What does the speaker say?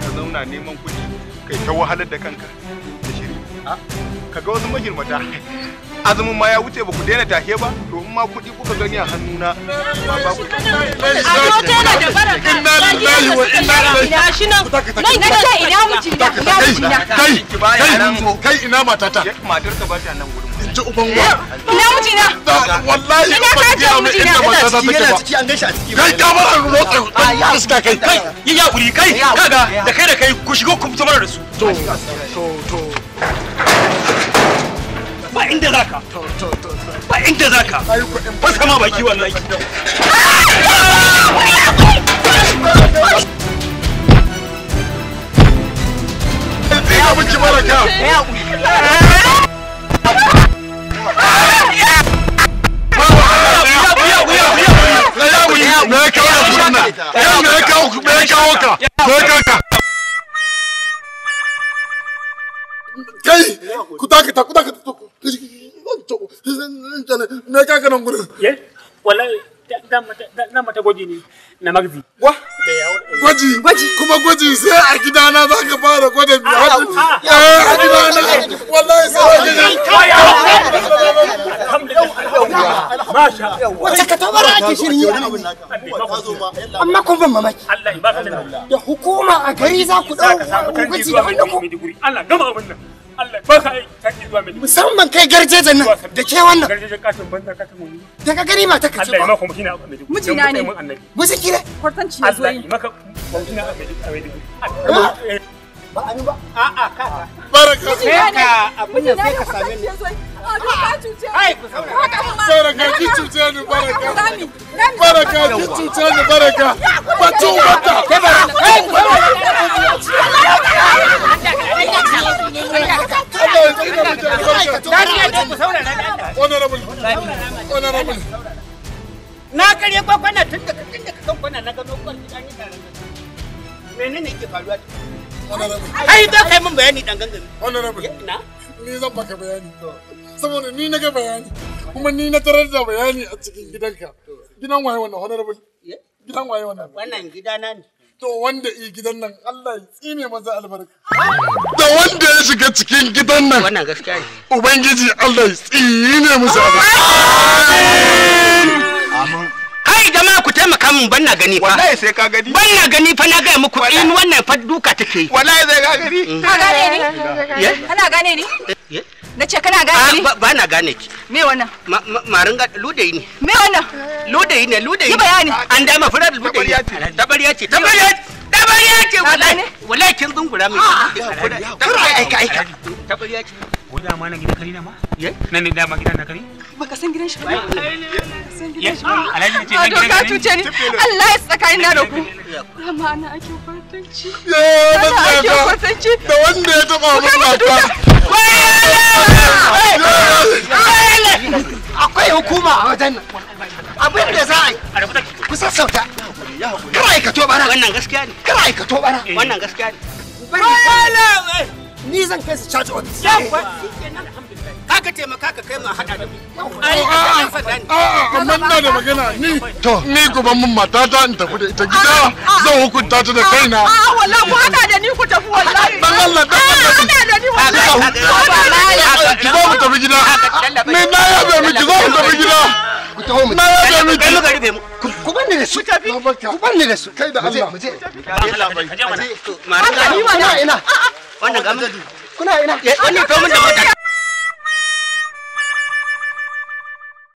ka zauna neman kuɗi kai ta wahalar da kanka da shiri ka ga wasu magirmata azumin ma ya wuce ba ku daina take ba to ma kuɗi kuka gani a hannuna ba ba ku inna lillahi wa inna ilaihi shi nan nan kace ina mutum da ya mutum kai kai kai ina matata matar ka ba ta nan gurin ji uban wa ina mutum na wallahi ba ka ga mu ina da ta ciki an gaishe a ciki kai ka bar an rotsa dan ya suka kai kai yi yakuri kai kaga da kai da kai ku shigo ku fito mana da su to to to ba inda zaka ba inda zaka ba sama baki wallahi Ya mara kyau. Ya murna yau me ya kawo me ya kawo ka me ya kawo ka kai ku ta ku ta me ya ka nan gurin wallahi dan mata gwaji ne na magzi gwaji kuma gwaji sai a gidana za ka fara gwada biyu wace ka ta ake shirin yi amma kun ban mamaki da hukuma a gari za ku da wanda ku Allah gama abin nan Allah aiki zuwa mai musamman kai garjejen nan da ke wannan garjejen katin banza wani daga gari ma ta kace Allah ya maka a ne kwartanci yi maka eh. ba ba ka baraka sai ka abin da sai ka same ni baraka ki cuce ni baraka baraka ki cuce ni baraka na yi tun da tun da kan kwana na gano kwan ni tare menene yake faruwa ai da kai mun bayani dan honorable na ni zan baka bayani saboda ni na ga bayani kuma ni na tarar da bayani a cikin gidanka gidan waye wannan honorable eh? gidan waye wannan wannan gidana ne to wanda i gidan nan Allah ya tsine maza albarka ah! da wanda ya shiga cikin gidan nan wannan gaskiya ne ubangiji Allah ya tsine musu ah! albarka amin kai jama'a ku taimaka min ban na gani fa wallahi sai ka gani ban na gani fa na gaya muku in wannan fa duka take wallahi sai ka gani ka gane ni kana gane ni nace eh? kana gane ni eh? ah, ba na gane ki me wannan marin ga ludayi ne me wannan ludayi ne ludayi ne bayani an dama furar ludayi tabariya ce tabariya tabariya ce wallahi wallahi kin zungura mai tabariya aika aika tabariya ce ko da ma na gidan kari na ma nan ne dama gidan na kari baka san gidan shi ba san ya shi ba alhaji ce ah, nan gidan ka tuce ni Allah ya tsakanin na da ku amma ana ake kwartanci ya ba ake kwartanci da wanda ya taba mun mata matan abin da za a yi kar aikato bara wannan gaskiya ne kar aikato bara eh. wannan gaskiya ne ni zan kai su charge kaka eh. taimaka ka kai ma hada da da magana ni to ni mun in tafi da ita gida zan hukunta ta da kaina a wallahi ku hada da ni ku tafi wallahi dan Allah dan Allah ni na yabe miki zo mu tafi gida taho mu na ya mu kai ka rufe mu ku ban da su ku ban da su kai da Allah mu je mu je mana ina wannan gamin kuna ina wannan gamin da mota